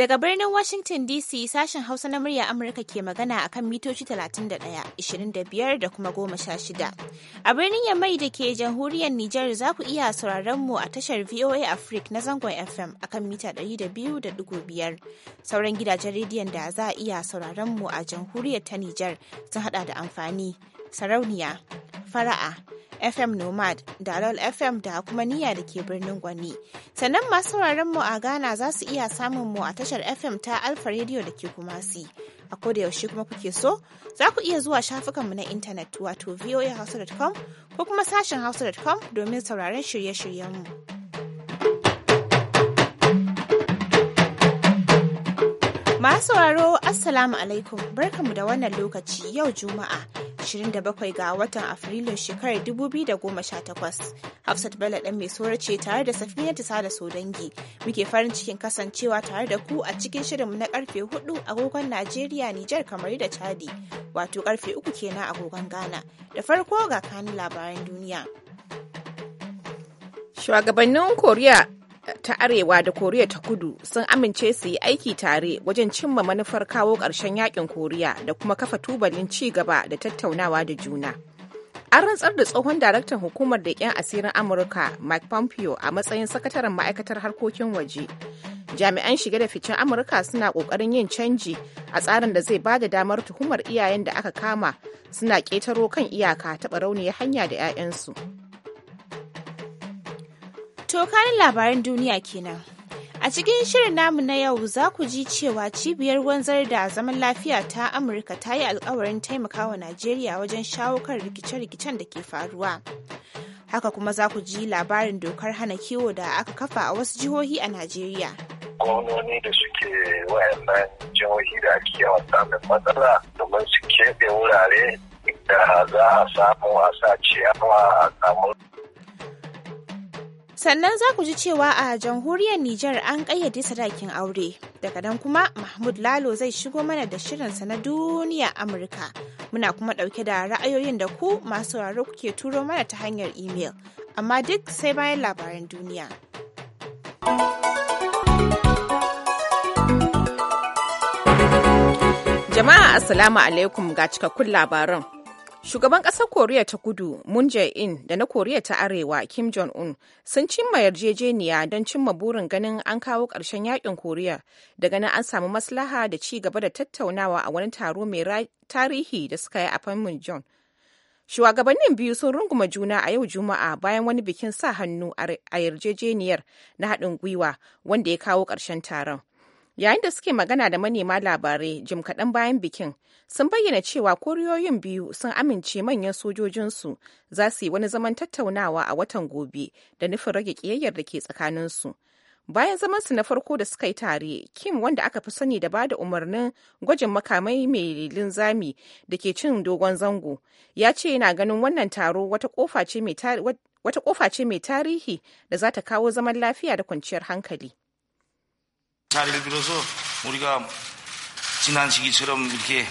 Daga birnin Washington DC sashen Hausa na murya Amurka ke magana a kan mitoci 31, 25 da kuma 16. A birnin Yamai da ke jamhuriyar Nijar za ku iya sauraron mu a tashar VOA Africa na zangon FM akan mita 200.5. Sauran gidajen rediyon da za a iya sauraron mu a jamhuriyar ta Nijar sun hada da amfani, sarauniya fara'a fm nomad dalol fm da kuma niyya da ke birnin gwani sannan masu mu a ghana za su iya samun mu a tashar fm ta alfa radio da ke kumasi a koda yaushe kuma kuke so za ku iya zuwa shafukanmu na intanet wato voahouse.com ko kuma sashen hausa.com domin sauraron shirye-shiryenmu. Masu sauraro Assalamu alaikum barkamu da wannan lokaci yau Juma'a 27 ga watan Afrilun shekarar 2018. Hafsat bala ɗan mai sora ce tare da Safiya sada da Sodangi. Muke farin cikin kasancewa tare da ku a cikin shirinmu na karfe 4 agogon Najeriya, Nijar, kamar da Chadi. Wato karfe 3 kenan agogon Ghana. Da farko ga kanun labaran duniya. Shugabannin Koriya ta Arewa da Koriya ta Kudu sun amince su yi aiki tare wajen cimma manufar kawo ƙarshen yakin Koriya da kuma kafa tubalin ci gaba da tattaunawa da juna. An rantsar da tsohon daraktan hukumar da asirin Amurka Mike Pompeo a matsayin sakataren ma'aikatar harkokin waje. Jami'an shige da ficin Amurka suna ƙoƙarin yin canji a tsarin da zai ba da damar tuhumar iyayen da aka kama suna ƙetaro kan iyaka taɓa rauni hanya da 'ya'yansu. To kanin labaran duniya kenan. A cikin shirin namu na yau za ku ji cewa cibiyar wanzar da zaman lafiya ta Amurka ta yi alkawarin taimakawa Najeriya wajen shawo kan rikice-rikicen da ke faruwa. Haka kuma za ku ji labarin dokar hana kiwo da aka kafa a wasu jihohi a Najeriya. Gwamnoni da suke wayannan jihohi da ake yawan samun matsala domin su keɓe wurare da za a samu a ciyawa a samu sannan za ku ji cewa a jamhuriyar Nijar an ƙayyade sadakin aure daga nan kuma Mahmud Lalo zai shigo mana da shirinsa na duniya Amurka muna kuma ɗauke da ra'ayoyin da ku masu sauraro kuke turo mana ta hanyar imel amma duk sai bayan labaran duniya. Jama'a Assalamu alaikum ga cikakkun labaran. Shugaban ƙasar Koriya ta Kudu Moon Jae-in da na Koriya ta Arewa Kim Jong-un sun cimma yarjejeniya don cimma burin ganin an kawo ƙarshen yakin Koriya daga nan an samu maslaha da ci gaba da tattaunawa a wani taro mai tarihi da suka yi a Panmunjom. Shugabannin biyu sun runguma juna a yau Juma'a bayan wani bikin sa hannu a yarjejeniyar na haɗin gwiwa wanda ya kawo ƙarshen taron. yayin da suke magana da manema labarai jim kaɗan bayan bikin sun bayyana cewa koriyoyin biyu sun amince manyan sojojinsu za su yi wani zaman tattaunawa a watan gobe da nufin rage ƙiyayyar da ke tsakaninsu bayan zaman su na farko da suka yi tare kim wanda aka fi sani da ba da umarnin gwajin makamai mai linzami da ke cin dogon zango ya ce yana ganin wannan taro wata kofa ce mai tarihi da za ta kawo zaman lafiya da kwanciyar hankali 자리를 빌어서 우리가 지난 시기처럼 이렇게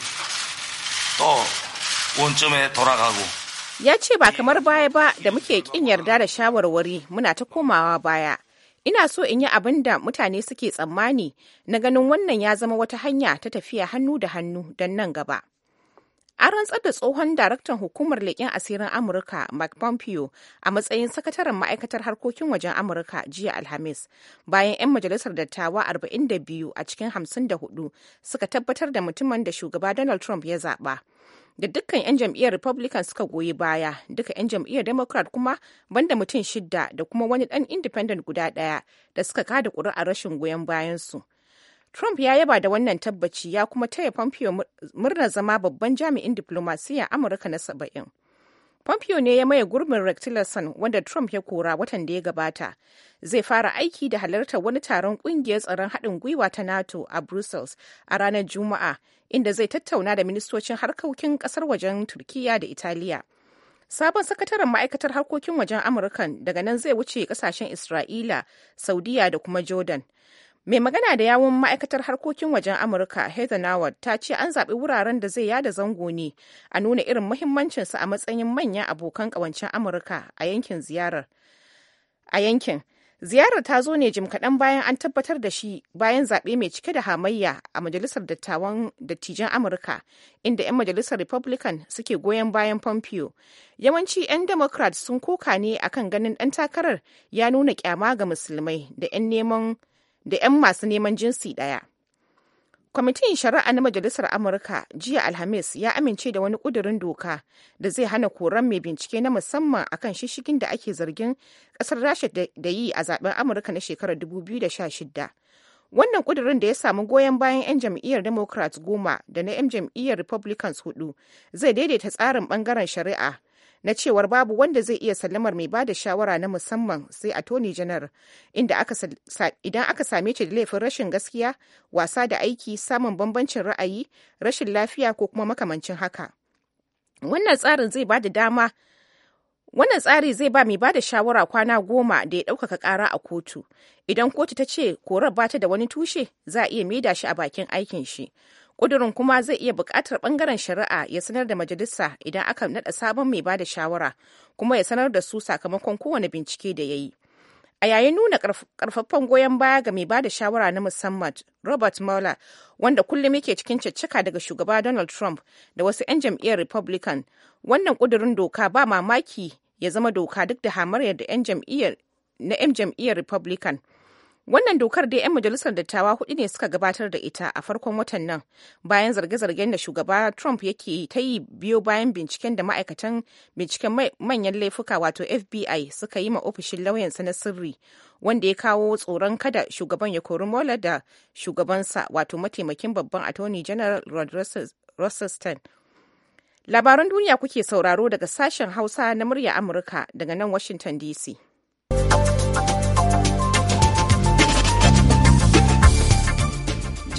또 원점에 돌아가고 ya ce ba kamar baya ba da muke kin yarda da shawarwari muna ta komawa baya ina so in yi abin da mutane suke tsammani na ganin wannan ya zama wata hanya ta tafiya hannu da hannu don nan gaba An rantsar da tsohon daraktan hukumar leƙen asirin Amurka Mike Pompeo a matsayin sakataren ma'aikatar harkokin wajen Amurka jiya Alhamis, bayan 'yan majalisar dattawa 42 a cikin 54 suka tabbatar da mutumin da shugaba Donald Trump ya zaɓa. Da dukkan 'yan jam'iyyar Republican suka goyi baya, duka 'yan jam'iyyar Democrat kuma banda mutum shidda da kuma wani ɗan independent guda ɗaya da suka kada ƙuri'ar rashin goyon bayansu. su. Trump ya yaba da wannan tabbaci ya kuma taya Pompeo murna zama babban jami'in diplomasiyyar Amurka na saba'in. Pompeo ne ya maye gurbin Rex Tillerson wanda Trump ya kora watan da ya gabata. Zai fara aiki da halartar wani taron kungiyar tsaron haɗin gwiwa ta NATO a Brussels a ranar Juma'a, inda zai tattauna da ministocin harkokin ƙasar wajen Turkiyya da Italiya. Sabon sakataren ma'aikatar harkokin wajen Amurkan daga nan zai wuce ƙasashen Isra'ila, Saudiya da kuma Jordan. Mai magana da yawun ma'aikatar harkokin wajen Amurka Heather nawad ta ce an zaɓi wuraren da zai yada zango ne a nuna irin muhimmancinsa a matsayin manyan abokan ƙawancen Amurka a yankin ziyarar. A yankin, ziyarar ta zo ne jim kaɗan bayan an tabbatar da shi bayan zaɓe mai cike da hamayya a majalisar dattawan dattijan Amurka, inda 'yan majalisar Republican suke goyon bayan Pompeo. Yawanci 'yan Democrat sun koka ne akan ganin ɗan takarar ya nuna kyama ga musulmai da 'yan neman da 'yan masu neman jinsi ɗaya. Kwamitin Shari'a na Majalisar Amurka jiya Alhamis ya amince da wani ƙudurin doka da zai hana koran mai bincike na musamman a kan shishigin da ake zargin ƙasar Rasha da yi a zaben Amurka na shekarar 2016. Wannan ƙudurin da ya samu goyon bayan 'yan jam'iyyar Democrats goma da na 'yan jam'iyyar Republicans hudu zai daidaita tsarin ɓangaren shari'a na cewar babu wanda zai iya sallamar mai ba da shawara na musamman sai a tony janar idan aka same shi da laifin rashin gaskiya wasa da aiki samun bambancin ra'ayi rashin lafiya ko kuma makamancin haka wannan tsarin zai ba da dama wannan tsari zai ba mai ba da shawara kwana goma da ya ɗaukaka ƙara a kotu idan kotu ta ce korar ba ta da wani tushe za a iya maida shi a bakin aikin shi ƙudurin kuma zai iya buƙatar ɓangaren shari'a ya sanar da majalisa idan aka naɗa sabon mai ba da shawara kuma ya sanar da su sakamakon kowane bincike da ya yi a yayin nuna ƙarfaffen goyon baya ga mai ba da shawara na musamman robert mueller wanda kullum yake cikin caccaka daga shugaba donald trump da wasu 'yan jam'iyyar republican wannan ƙudurin doka ba mamaki ya zama doka duk da hamayar da 'yan jam'iyyar na 'yan jam'iyyar republican Wannan dokar dai 'yan majalisar dattawa hudu ne suka gabatar da ita a farkon watan nan bayan zarge-zargen da shugaba Trump yake ta yi biyo bayan binciken da ma'aikatan binciken manyan laifuka wato FBI suka yi ma ofishin lauyansa na sirri wanda ya kawo tsoron kada shugaban ya kori mola da shugabansa wato mataimakin babban attorney general Rod Rosenstein. Labaran duniya kuke sauraro daga sashen Hausa na murya Amurka daga nan Washington DC.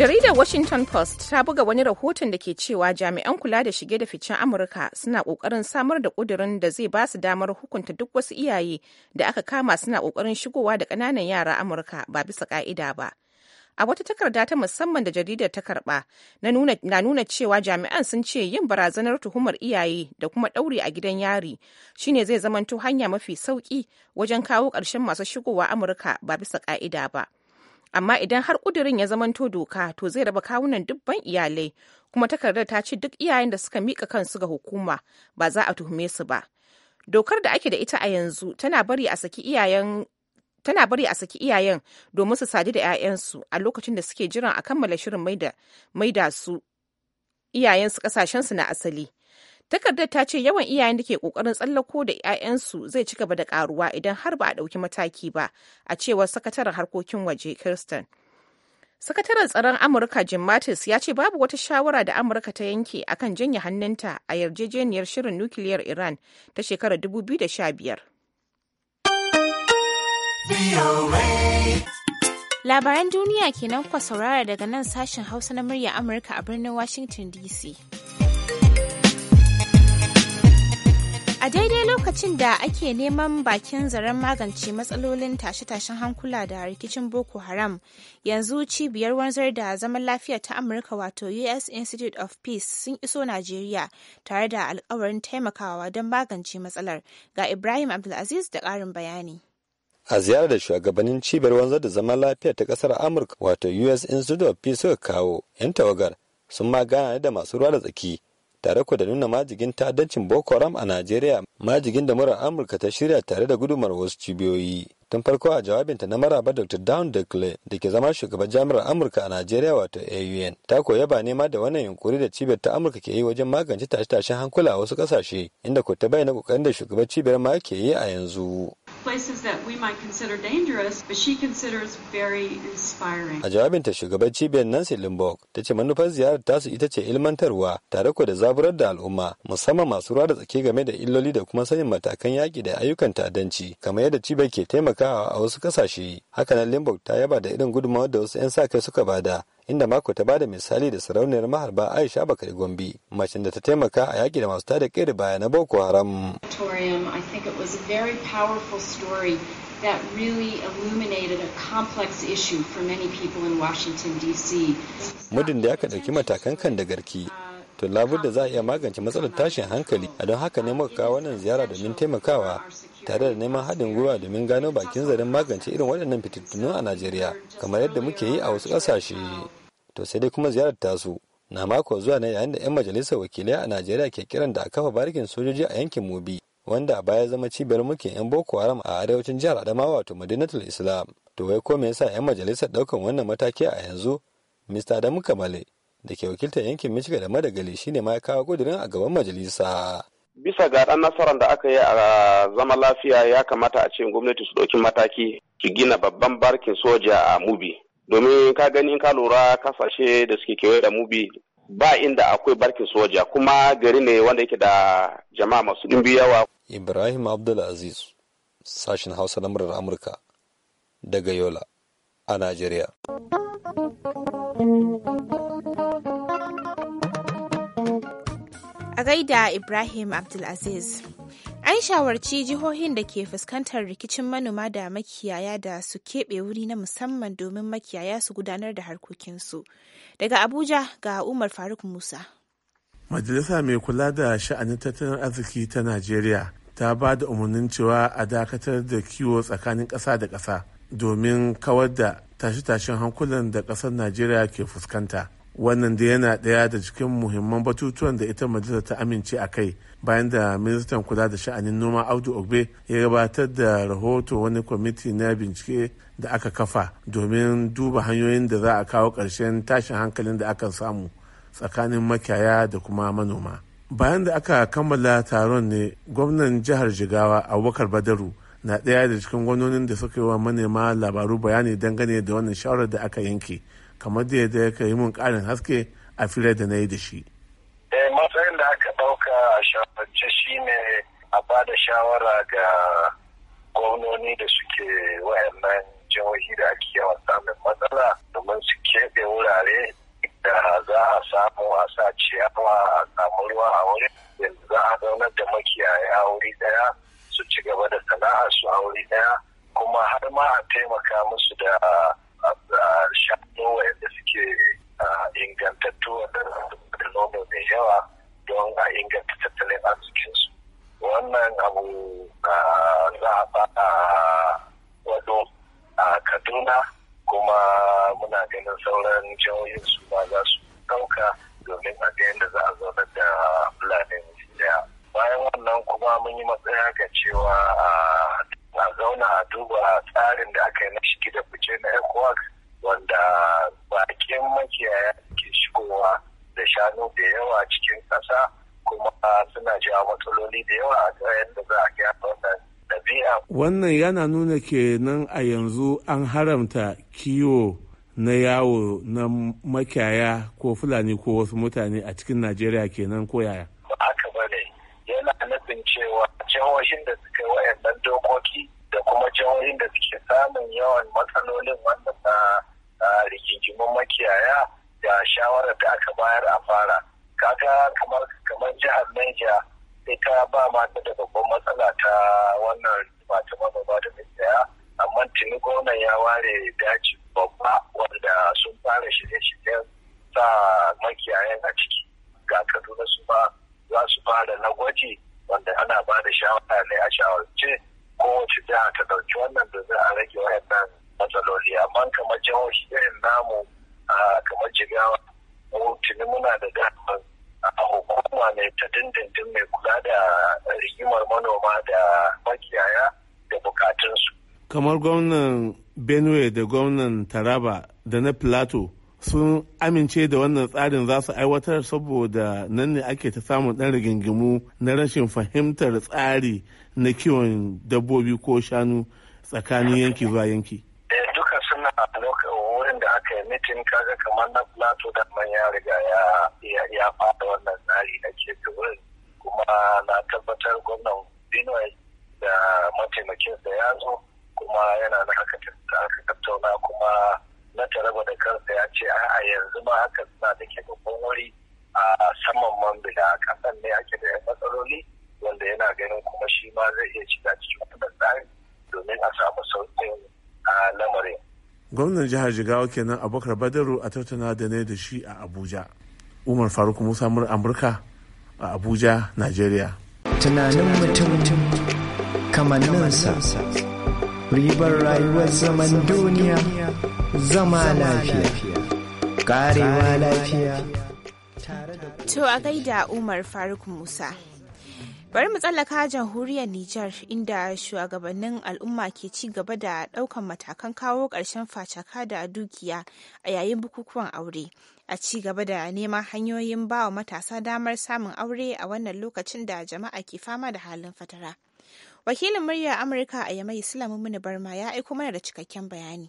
Jaridar Washington Post ta buga wani rahoton da ke cewa jami'an kula da shige da ficen Amurka suna ƙoƙarin samar da ƙudurin da zai ba su damar hukunta duk wasu iyaye da aka kama suna ƙoƙarin shigowa da ƙananan yara Amurka ba bisa ƙa'ida ba. a wata takarda ta musamman da jaridar ta karba na nuna cewa jami'an sun ce yin barazanar tuhumar iyaye da kuma ɗauri a gidan yari shine zai zamanto hanya mafi sauki wajen kawo ƙarshen masu shigowa amurka ba bisa ƙa'ida ba amma idan har kudirin ya zamanto doka to zai raba kawunan dubban iyalai kuma takardar ta ce duk iyayen da suka mika kansu ga hukuma ba za a tuhume su ba dokar da ake da ita a yanzu tana bari a saki iyayen tana bari a saki iyayen domin su sadu da 'ya'yansu a lokacin da suke jiran a kammala shirin maida su iyayensu kasashensu na asali takardar ta ce yawan iyayen da ke kokarin tsallako da 'ya'yansu zai ci gaba da karuwa idan har ba a ɗauki mataki ba a cewar sakataren harkokin waje kirsten sakataren tsaron amurka jim mattis ya ce babu wata shawara da amurka ta yanke akan janye hannunta a yarjejeniyar shirin nukiliyar iran ta shekarar 2015 Labaran duniya kenan kuka saurara daga nan sashen Hausa na murya Amurka a birnin Washington DC. A daidai lokacin da ake neman bakin zaren magance matsalolin tashe-tashen hankula da rikicin Boko Haram, yanzu cibiyar wanzar da zaman lafiya ta Amurka wato U.S. Institute of Peace sun iso Najeriya tare da alkawarin taimakawa don magance matsalar. Ga Ibrahim Abdulaziz da ƙarin bayani. a ziyarar da shugabannin cibiyar wanzar da zaman lafiya ta kasar amurka wato us institute of peace suka kawo yan tawagar sun ma gana da masu ruwa da tsaki tare ku da nuna majigin ta'addancin Boko Haram a Najeriya majigin da murar Amurka ta shirya tare da gudumar wasu cibiyoyi. Tun farko a jawabinta na maraba Dr. Down Dekle da ke zama shugaban jami'ar Amurka a Najeriya wato AUN ta koya ba nema da wannan yunkuri da cibiyar ta Amurka ke yi wajen magance tashe-tashen hankula a wasu kasashe inda ko ta bayyana kokarin da shugaban cibiyar ma ke yi a yanzu. places that we might consider dangerous, but she very inspiring. A jawabinta shugaban cibiyar Nancy Limbaugh ta ce manufar ziyarar tasu ita ce ilmantarwa tare da zaburar da al'umma musamman masu ruwa da tsaki game da illoli da kuma sanin matakan yaƙi da ayyukan ta'addanci kamar yadda cibiyar ke taimakawa a wasu ƙasashe. Hakanan Limbaugh ta yaba da irin gudunmawar da wasu 'yan sa kai suka bada inda mako ta bada misali da sarauniyar maharba aisha bakari gombe macin da ta taimaka a yaƙi da masu tada da baya na boko haram very powerful story that really illuminated a complex issue for many people in Washington DC. Muddin da aka ɗauki matakan kan da garki, to da za a iya magance matsalar tashin hankali, a don haka ne muka kawo wannan ziyara domin taimakawa tare da neman haɗin gwiwa domin gano bakin zaren magance irin waɗannan fitattunu a Najeriya, kamar yadda muke yi a wasu ƙasashe. To sai dai kuma ziyarar tasu na mako zuwa na yayin da 'yan majalisar wakilai a Najeriya ke kiran da a kafa barikin sojoji a yankin Mobi wanda a baya zama cibiyar mulkin 'yan boko haram a arewacin jihar adamawa wato madinatul islam to wai ko me yasa 'yan majalisar daukan wannan mataki a yanzu mr adamu kamale da ke wakiltar yankin michiga da madagali shine ma ya kawo kudirin a gaban majalisa bisa ga dan nasarar da aka yi a zama lafiya ya kamata a ce gwamnati su ɗauki mataki su gina babban barkin soja a mubi domin ka gani ka lura kasashe da suke kewaye da mubi ba inda akwai barkin soja kuma gari ne wanda yake da jama'a masu dimbi yawa. Ibrahim Abdulaziz, sashen Hausa na murar Amurka daga Yola a Najeriya. A gaida Ibrahim Abdulaziz. An shawarci jihohin da ke fuskantar rikicin manoma da makiyaya da su keɓe wuri na musamman domin makiyaya su gudanar da harkokinsu. Daga Abuja ga Umar Faruk Musa. Majalisa mai kula da sha'anin tattalin arziki ta Najeriya ta ba da umarnin cewa a dakatar da kiwo tsakanin ƙasa da ƙasa domin kawar da tashe-tashen hankulan da ƙasar Najeriya ke fuskanta. wannan da yana ɗaya da cikin muhimman batutuwan da ita majalisar ta amince a kai bayan da ministan kula da sha'anin noma audu ogbe ya gabatar da rahoto wani kwamiti na bincike da aka kafa domin duba hanyoyin da za a kawo ƙarshen tashin hankalin da aka samu tsakanin makiyaya da kuma manoma bayan da aka kammala taron ne gwamnan jihar jigawa abubakar badaru na ɗaya da cikin gwamnonin da suka yi wa manema labaru bayani dangane da wannan shawarar da aka yanke kamar da yadda ka yi mun karin haske a filar da na yi da shi. Eh, matsayin da aka ɗauka a shafance ne a ba da shawara ga gwamnoni da suke wayannan jihohi da ake yawan samun matsala domin su keɓe wurare da za a samu a sa ciyawa a samu ruwa a wuri yanzu za a zaunar da makiyaye a wuri daya su ci gaba da sana'a su a wuri daya kuma har ma a taimaka musu da wa'anda suke ingantattu da nono mai yawa don a inganta tattalin arzikinsu wannan abu za a fada wado a kaduna kuma muna ganin sauran jihohin su ma za su ɗauka domin a ga yadda za a zaunar da fulani da. bayan wannan kuma mun yi matsaya ga cewa a zauna a duba tsarin da aka yi na shigi da fice na ecowas wanda bakin makiyaya ke shigowa da shanu da yawa cikin ƙasa kuma suna jawo matsaloli da yawa a yadda za a gyara wannan ɗabi'a. Wannan yana nuna kenan a yanzu an haramta kiwo na yawo na makiyaya ko fulani ko wasu mutane a cikin Najeriya kenan ko yaya. Haka ba ne yana nufin cewa jihohin da suka yi dokoki da kuma jihohin da suke samun yawan matsalolin wanda ta rigingimin makiyaya da shawarar da aka bayar a fara kaga kamar kamar jihar Niger ita ba ma ta da babban matsala ta wannan rigima ta manoma da makiyaya amma tuni gwamnan ya ware daji babba wanda sun fara shirye-shiryen sa makiyayan a ciki ga kaduna su ba za su fara na gwaji wanda ana ba da shawara ne a shawarce kowace jiha ta ɗauki wannan da za a rage wayannan matsaloli amma kamar jihohi irin namu a kamar jigawa mu tuni muna da damar a hukuma ne ta dindindin mai kula da rigimar manoma da makiyaya da bukatunsu. kamar gwamnan benue da gwamnan taraba da na plateau sun amince da wannan tsarin za su aiwatar saboda nan ne ake ta samun ɗan rigingimu na rashin fahimtar tsari na kiwon dabbobi ko shanu tsakanin yanki zuwa yanki. aka yi mitin kaga kamar na plato da man ya riga ya ya fada wannan tsari na ke kuma na tabbatar gwamnan binoy da sa ya zo kuma yana na aka tattauna kuma na taraba da kansa ya ce a yanzu ma haka suna da ke babban wuri a saman a kasan ne ake da matsaloli wanda yana ganin kuma shi ma zai iya shiga cikin wannan tsari domin a samu sauƙin lamarin gwamnan jihar jigawa kenan abubakar badaru a tattauna da ne da shi a abuja umar faruk musa mur amurka a abuja nigeria tunanin mutum kamanninsa ribar rayuwar zaman duniya zama lafiya karewa lafiya to a gaida umar faruk musa Bari mu tsallaka jamhuriyar Nijar inda shugabannin al'umma ke ci gaba da ɗaukan matakan kawo ƙarshen facaka da dukiya a yayin bukukuwan aure. A ci gaba da neman hanyoyin ba wa matasa damar samun aure a wannan lokacin da jama'a ke fama da halin fatara. Wakilin muryar Amurka a Yamai Islamu Mini Barma ya aiko mana da cikakken bayani.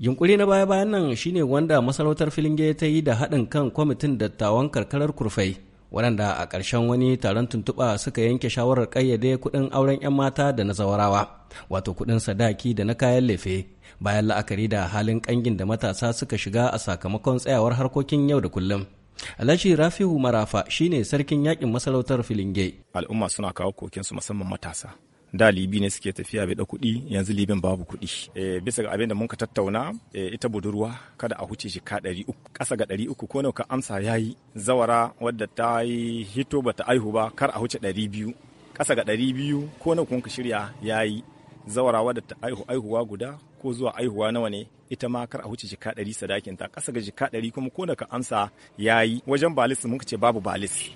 yunkuri na baya-bayan nan shine wanda masarautar filinge ta yi da haɗin kan kwamitin dattawan karkarar kurfai waɗanda a ƙarshen wani taron tuntuɓa suka yanke shawarar ƙayyade kuɗin auren 'yan mata da na zawarawa wato kuɗin sadaki da na kayan lefe bayan la'akari da halin ƙangin da matasa suka shiga a sakamakon tsayawar harkokin yau da kullum alhaji rafihu marafa shine sarkin yakin masarautar filinge al'umma suna kawo kokinsu musamman matasa da libi ne suke tafiya bai da kuɗi yanzu libin babu kuɗi e, bisa ga abin da mun ka tattauna eh, ita budurwa kada a huce shi ka ɗari uku ƙasa ga ɗari uku ko nawa ka amsa ya yi zawara wadda ta yi hito ba ta aihu ba kar a huce ɗari biyu ƙasa ga ɗari biyu ko nawa kun ka shirya ya yi zawara wadda ta aihu aihuwa guda ko zuwa aihuwa nawa ne ita ma kar a huce jika ɗari sadakin ta ƙasa ga jika ɗari kuma ko da ka amsa ya yi wajen balis muka ce babu balis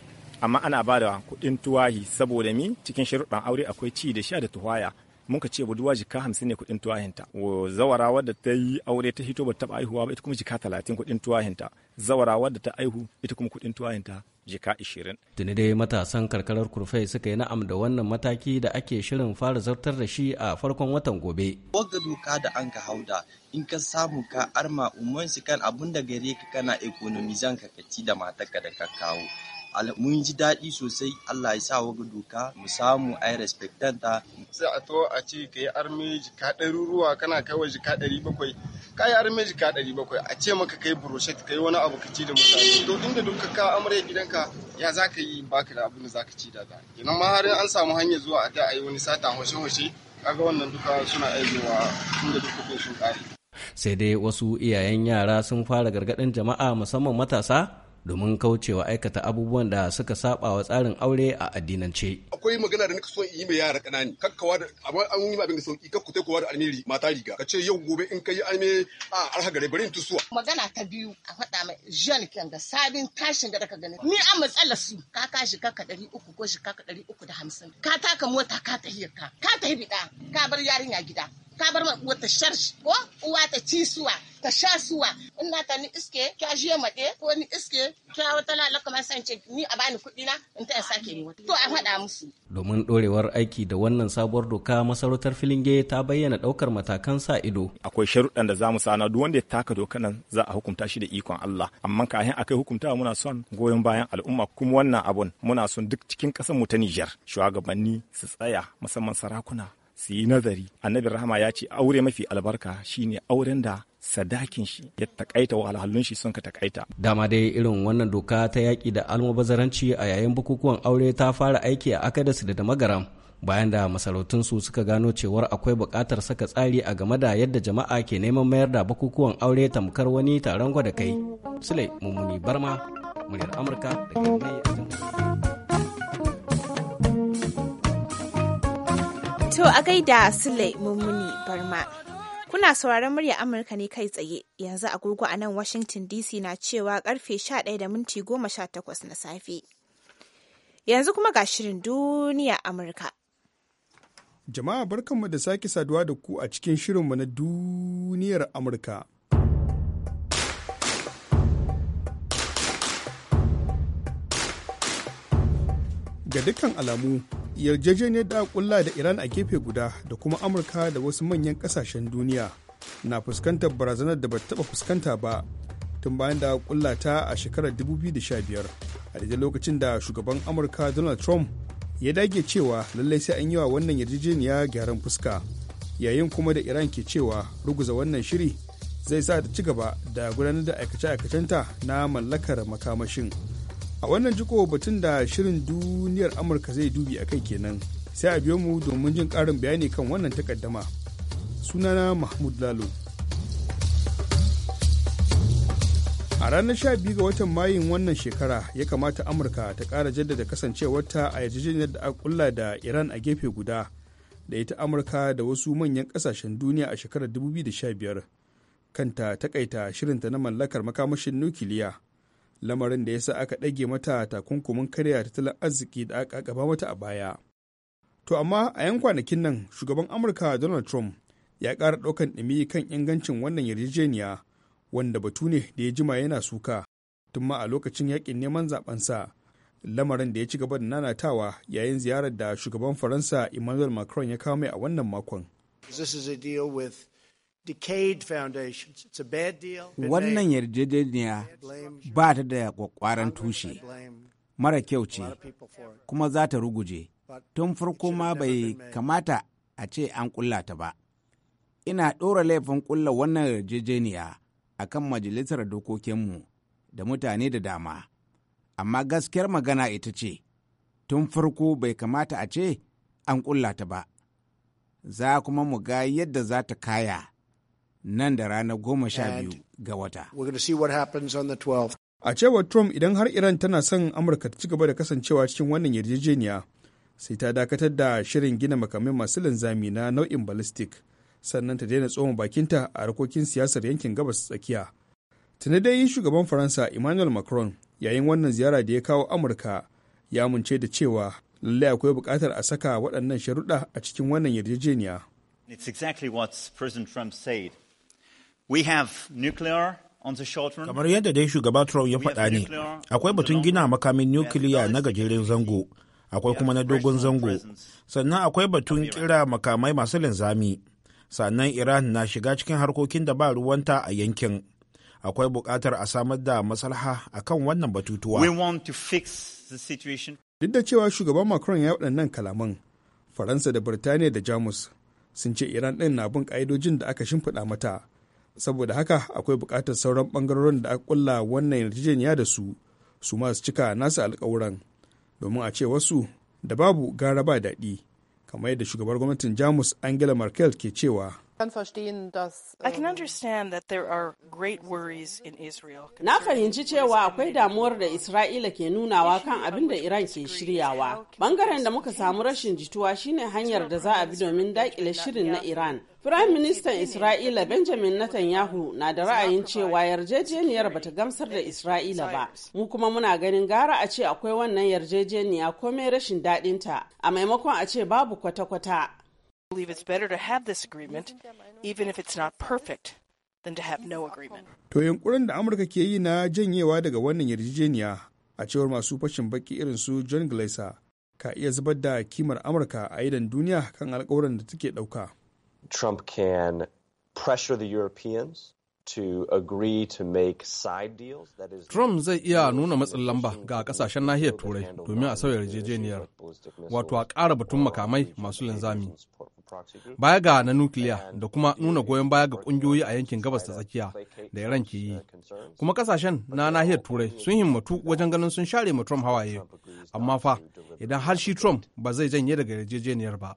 amma ana ba da kuɗin tuwahi saboda mi cikin sharuɗan aure akwai ci da sha da tuwaya mun ka ce budurwa jika hamsin ne kuɗin tuwahinta zawara wadda ta yi aure ta hito ba ta taɓa aihuwa ba ita kuma jika talatin kuɗin tuwahinta zawara wadda ta aihu ita kuma kuɗin tuwahinta jika ishirin. tuni dai matasan karkarar kurfai suka yi na'am da wannan mataki da ake shirin fara zartar da shi a farkon watan gobe. wagga doka da an ka hauda in ka samu ka arma umman kan abun da gare ka kana ekonomi zan ka kaci da matarka da ka kawo mun ji daɗi sosai Allah ya sa waga doka mu samu a yi respectanta. Sai a to a ce ka yi arme jika ruwa kana kai wa jika ɗari bakwai. Ka yi arme jika ɗari bakwai a ce maka kai buroshet ka yi wani abu ka ci da mutane. To inda da ka amurya gidanka ya za ka yi baka da abin da za ka ci da da. Kenan ma har an samu hanyar zuwa a da a yi wani sata hoshe-hoshe. Kaga wannan duka suna aizewa tun da duka sun ƙare. Sai dai wasu iyayen yara sun fara gargaɗin jama'a musamman matasa domin kaucewa aikata abubuwan da suka saba wa tsarin aure a addinance. Akwai magana da nika son yi ma yara kanani kakkawa da an yi abin da sauki kakku ta kowa da almiri mata riga ka ce yau gobe in kai alme a arha gare bari tusuwa. Magana ta biyu a faɗa mai jan kan ga sabin tashin da daga gani ni an matsala su ka ka shi kaka ɗari uku ko shi kaka ɗari uku da hamsin ka taka mota ka tahiyar ka ka tahi biɗa ka bar yarinya gida ka bar ma uwa ta ko uwa ta ci suwa ta sha suwa in na ta ni iske kya ma de ko ni iske kya wata lalaka ma san ce ni a bani kuɗi na in ta sake ni to a faɗa musu. domin ɗorewar aiki da wannan sabuwar doka masarautar filinge ta bayyana ɗaukar matakan sa ido. akwai sharuɗan da zamu sana duk wanda ya taka doka nan za a hukunta shi da ikon Allah amma kafin akai hukunta muna son goyon bayan al'umma kuma wannan abun muna son duk cikin ƙasar mu ta Nijar shugabanni su tsaya musamman sarakuna su yi nazari annabi rahama ya ce aure mafi albarka shine auren da sadakin shi ya takaita alhallun shi sun ka takaita dama dai irin wannan doka ta yaƙi da almubazaranci a yayin bukukuwan aure ta fara aiki a akadasu da magaram bayan da masarautunsu suka gano cewar akwai buƙatar saka tsari a game da yadda jama'a ke neman mayar da bukukuwan aure tamkar wani taron gwada kai sule mummuni barma muryar amurka da kai To a gaida Sule Mummuni Barma. Kuna sauraron murya Amurka ne kai tsaye yanzu agogo a nan Washington DC na cewa karfe 11 da minti 18 na safe. Yanzu kuma ga shirin duniya Amurka. Jama'a barkanmu da sake saduwa da ku a cikin shirinmu na duniyar Amurka. Ga dukkan alamu yarjejeniyar da kulla da iran a gefe guda da kuma amurka da wasu manyan kasashen duniya na fuskantar barazanar da ba taba fuskanta ba tun bayan da kulla ta a shekarar 2015 a daidai lokacin da shugaban amurka donald trump ya dage cewa lallai sai an yi wa wannan yarjejeniya gyaran fuska yayin kuma da iran ke cewa ruguza wannan shiri zai sa ta ci gaba da gudanar da aikace-aikacenta na mallakar makamashin a wannan jiko batun da shirin duniyar amurka zai dubi a kai kenan sai a biyo mu domin jin karin bayani kan wannan takaddama sunana mahmud lalo a ranar 12 ga watan mayun wannan shekara ya kamata amurka ta kara jaddada kasancewarta a yarjejeniyar da aka kulla da iran a gefe guda da ita amurka da wasu manyan kasashen duniya a shekarar 2015 kanta takaita shirinta na mallakar makamashin nukiliya lamarin da ya sa aka ɗage mata takunkumin karya ta tattalin arziki da aka gaba mata a baya. To amma a yan kwanakin nan shugaban Amurka Donald Trump ya ƙara ɗaukan ɗumi kan ingancin wannan yarjejeniya wanda batu ne da ya jima yana suka tun ma a lokacin yakin neman sa lamarin da ya ci gaba da nanatawa yayin ziyarar da shugaban Faransa Emmanuel Macron ya kawo mai a wannan makon. This is a with Wannan yarjejeniya ba ta da kwakwaran tushe, mara kyau ce, kuma za ta ruguje, tun farko ma bai kamata a ce an kulla ta ba. Ina ɗora laifin kulla wannan yarjejeniya a kan majalisar dokokinmu da mutane da dama, amma gaskiyar magana ita ce, tun farko bai kamata a ce an kulla ta ba, za kuma mu ga yadda za ta kaya. nan da rana goma sha biyu ga wata. A cewar Trump idan har Iran tana son Amurka ta ci gaba da kasancewa cikin wannan yarjejeniya sai ta dakatar da shirin gina makamai masu linzami na nau'in ballistic sannan ta daina tsoma bakinta a harkokin siyasar yankin gabas tsakiya. Tuna dai shugaban Faransa Emmanuel Macron yayin wannan ziyara da ya kawo Amurka ya amince da cewa lallai akwai buƙatar a saka waɗannan sharuɗa a cikin wannan yarjejeniya. It's exactly what Trump said We have nuclear Kamar yadda dai shugaba Trump ya faɗa ne, akwai batun gina makamin nukiliya na gajeren zango, akwai kuma na dogon zango, sannan akwai batun kira makamai masu linzami, sannan Iran na shiga cikin harkokin da ba ruwanta a yankin. Akwai buƙatar a samar da maslaha a kan wannan batutuwa. to the Duk da cewa shugaban Macron ya waɗannan kalaman, Faransa da Birtaniya da Jamus sun ce Iran ɗin na bin ƙa'idojin da aka shimfiɗa mata. saboda haka akwai bukatar sauran ɓangarorin da aka kulla wannan yarjejeniya da su su masu cika nasu alkawuran domin a ce wasu da babu gara ba daɗi kamar yadda shugabar gwamnatin jamus angela merkel ke cewa kann verstehen, dass I can ähm, understand that there are great worries in Israel. Na fahimci cewa akwai damuwar da Isra'ila ke nunawa kan abin da Iran ke shiryawa. Bangaren da muka samu rashin jituwa shine hanyar da za a bi domin dakile shirin na Iran. Firayim Ministan Isra'ila Benjamin Netanyahu na da ra'ayin cewa yarjejeniyar bata gamsar da Isra'ila ba. Mu kuma muna ganin gara a ce akwai wannan yarjejeniya komai rashin daɗinta, a maimakon a ce babu kwata-kwata. believe it's better to have this agreement, even if it's not perfect, than to have no agreement. To yunkurin da Amurka ke yi na janyewa daga wannan yarjejeniya a cewar masu fashin baki irin su John Glaser ka iya zubar da kimar Amurka a idan duniya kan alkawuran da take ɗauka. Trump can pressure the Europeans to agree to make side deals. That is Trump zai iya nuna matsin lamba ga kasashen nahiyar Turai domin a sauya yarjejeniyar, wato a ƙara batun makamai masu linzami baya ga na nukiliya da kuma nuna goyon baya ga kungiyoyi a yankin gabas ta tsakiya da iran ke yi kuma kasashen na nahiyar turai sun himmatu wajen ganin sun share ma trump hawaye amma fa idan har shi trump ba zai janye daga yarjejeniyar ba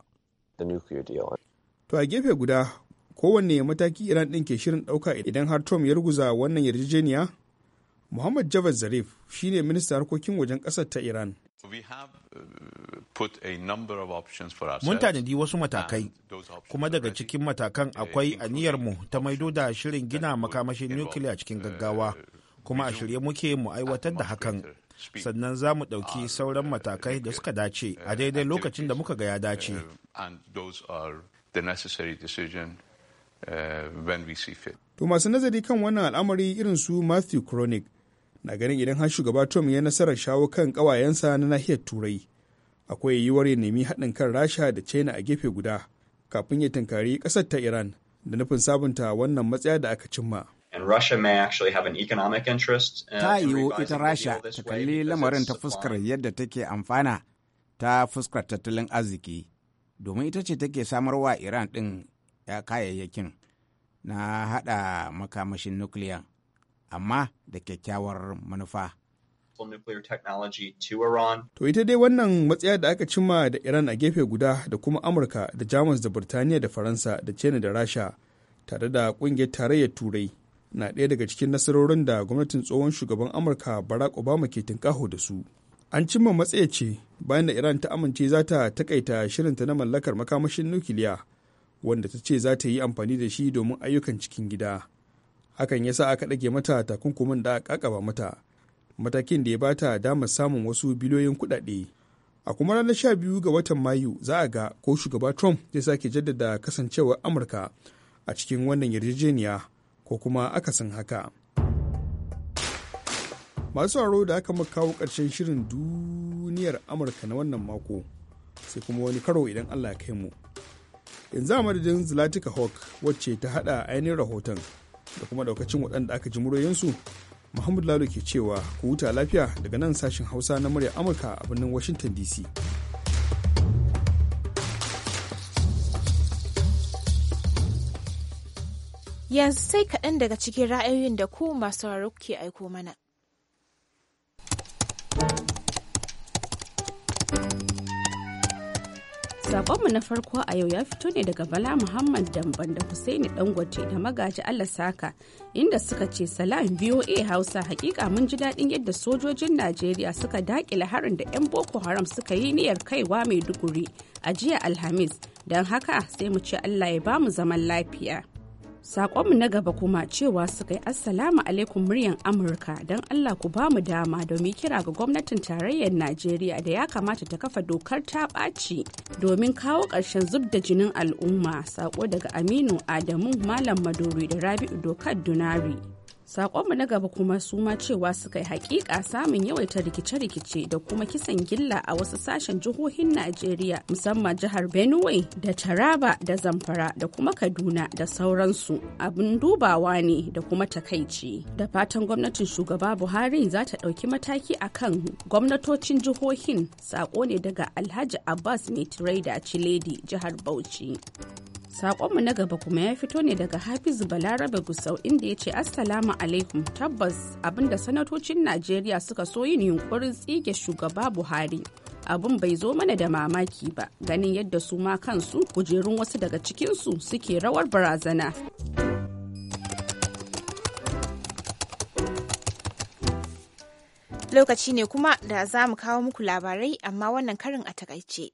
to a gefe guda kowanne mataki iran din ke shirin dauka idan har trump ya ruguza wannan yarjejeniya muhammad javad zarif shine ministan harkokin wajen kasar ta iran Uh, Mun tanadi wasu matakai, kuma daga cikin matakan uh, akwai aniyarmu ta maido da shirin gina makamashin nukiliya cikin uh, gaggawa, kuma a shirye muke mu aiwatar da hakan. Sannan za mu ɗauki sauran matakai da suka dace a daidai lokacin da muka ga ya dace. To masu nazari kan wannan al'amari irin su Matthew Chronic na ganin idan har shugaba trump ya nasarar shawo kan ƙawayensa na nahiyar turai akwai yiwuwar ya nemi haɗin kan rasha da china a gefe guda kafin ya tunkari ƙasar ta iran da nufin sabunta wannan matsaya da aka cimma uh, ta yiwu ita rasha ta kalli lamarin ta fuskar yadda take amfana ta fuskar tattalin arziki domin ita ce take samarwa iran ɗin kayayyakin na haɗa makamashin nukiliya amma da kyakkyawar manufa. To ita dai wannan matsaya da aka cimma da Iran a gefe guda da kuma Amurka da Jamus da Burtaniya da Faransa da China da Rasha tare da kungiyar tarayyar Turai na ɗaya daga cikin nasarorin da gwamnatin tsohon shugaban Amurka Barack Obama ke tinkaho da su. An cimma matsaya ce bayan da Iran ta amince za ta takaita shirinta na mallakar makamashin nukiliya wanda ta ce za ta yi amfani da shi domin ayyukan cikin gida. hakan yasa aka ɗage mata takunkumin da ƙaƙaba mata matakin da ya bata damar samun wasu biliyoyin kuɗaɗe a kuma ranar sha biyu ga watan mayu za a ga ko shugaba trump zai sake jaddada kasancewar amurka a cikin wannan yarjejeniya ko kuma akasin haka masu sauraro da aka kawo ƙarshen shirin duniyar amurka na wannan mako sai kuma wani karo idan allah ya kai mu yanzu a madadin zlatika hawk wacce ta hada ainihin rahoton da kuma daukacin waɗanda aka ji muryoyinsu Muhammad Lalo ke cewa ku huta lafiya daga nan sashin Hausa na murya Amurka a birnin Washington DC. Yanzu sai kaɗan daga cikin ra'ayoyin da ku masu ke aiko mana. Sakonmu na farko a yau ya fito ne daga Bala Muhammad Damban da Husaini Dangote da magaji Allah Saka inda suka ce salam VOA Hausa hakika mun ji daɗin yadda sojojin Najeriya suka daƙile harin da 'yan Boko Haram suka yi niyyar kaiwa mai duguri a jiya Alhamis don haka sai mu ce Allah ya bamu zaman lafiya. Sakonmu na gaba kuma cewa suka yi Assalamu alaikum muryan Amurka don Allah ku ba mu dama domin kira ga gwamnatin tarayyar Najeriya da ya kamata ta kafa dokar ta ɓaci domin kawo ƙarshen zub da jinin al'umma. Sako daga Aminu Adamu Malam Maduri da Rabi'u Dokar Dunari. Sakonmu na gaba kuma su ma cewa suka yi hakika samun yawaita rikice-rikice da kuma kisan gilla a wasu sashen jihohin Najeriya musamman jihar Benue da Taraba da Zamfara da kuma Kaduna da sauransu abin dubawa ne da kuma takaici. Da fatan gwamnatin shugaba Buhari za ta ɗauki mataki a kan gwamnatocin jihohin saƙo ne daga Alhaji Abbas Mai Tirai da Chiledi jihar Bauchi. Sakonmu na gaba kuma ya fito ne daga Hafizu Balarabe Gusau inda ya ce Assalamu alaikum tabbas abinda sanatocin Najeriya suka so yin yunkurin tsige shugaba Buhari. Abin bai zo mana da mamaki ba ganin yadda su ma kansu kujerun wasu daga cikinsu suke rawar barazana. Lokaci ne kuma da za mu kawo muku labarai amma wannan karin a takaice.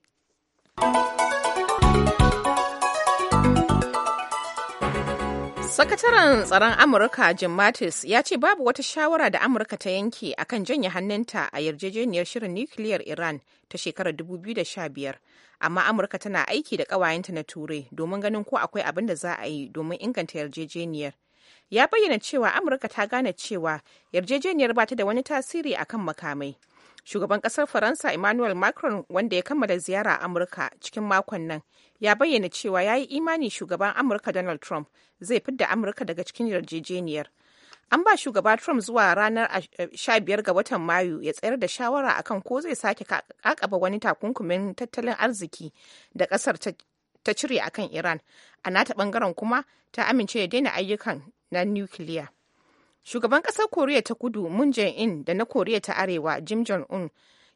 Sakataren tsaron Amurka Jim Mattis ya ce babu wata shawara da Amurka ta yanke akan janye hannunta a yarjejeniyar shirin nukiliyar Iran ta shekarar 2015, amma Amurka tana aiki da ƙawayenta na Turai domin ganin ko akwai abin da za a yi domin inganta yarjejeniyar. Ya bayyana cewa Amurka ta gane cewa yarjejeniyar ba ta da wani tasiri akan makamai. Shugaban ƙasar Faransa Emmanuel Macron wanda ya kammala ziyara Amurka cikin makon nan ya bayyana cewa ya yi imani shugaban amurka donald trump zai fidda amurka daga cikin yarjejeniyar an ba shugaba trump zuwa ranar 15 ah, ga watan mayu ya tsayar da shawara akan ko zai sake kakaba wani takunkumin tattalin arziki da kasar ta cire akan iran a nata bangaren kuma ta amince ya daina ayyukan na nukiliya shugaban kasar koriya ta kudu moon jae-in da na koriya ta arewa jim jong-un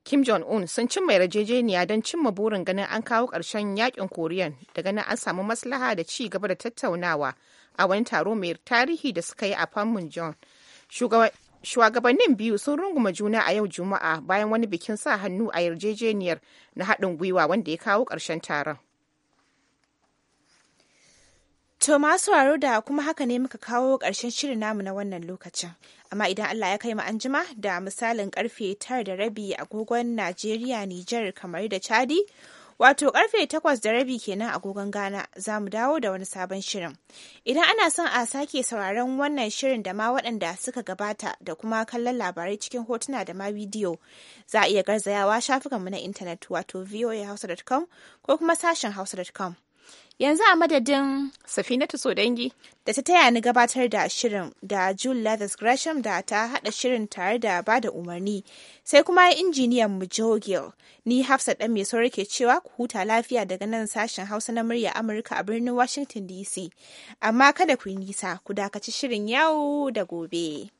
Kim Jong-un sun cimma yarjejeniya don cimma burin ganin an kawo ƙarshen yakin Koriyan daga nan an samu maslaha da ci gaba da tattaunawa a wani taro mai tarihi da suka yi a Panmunjom. Shugabannin biyu sun runguma juna a yau Juma'a bayan wani bikin sa hannu a yarjejeniyar na haɗin gwiwa wanda ya kawo ƙarshen taron. To masu da kuma haka ne muka kawo ƙarshen shirin namu na wannan lokacin. amma idan Allah ya kai mu anjima da misalin karfe tara da rabi agogon Najeriya Nijar kamar da Chadi wato karfe takwas da rabi kenan agogon Ghana za mu dawo da wani sabon shirin idan ana son a sake sauraron wannan shirin da ma waɗanda suka gabata da kuma kallon labarai cikin hotuna da ma bidiyo za a iya garzayawa shafukanmu na intanet wato voahausa.com ko kuma sashen hausa.com Yanzu a madadin Safinatu Sodangi da ta taya ni gabatar da shirin da June Lathis Gresham da ta hada shirin tare da ba da umarni sai kuma injiniyan mu ni hafsa dan mai sauri ke cewa ku huta lafiya daga nan sashen Hausa na murya Amurka a birnin Washington DC amma kada ku yi nisa ku dakaci shirin yau da gobe.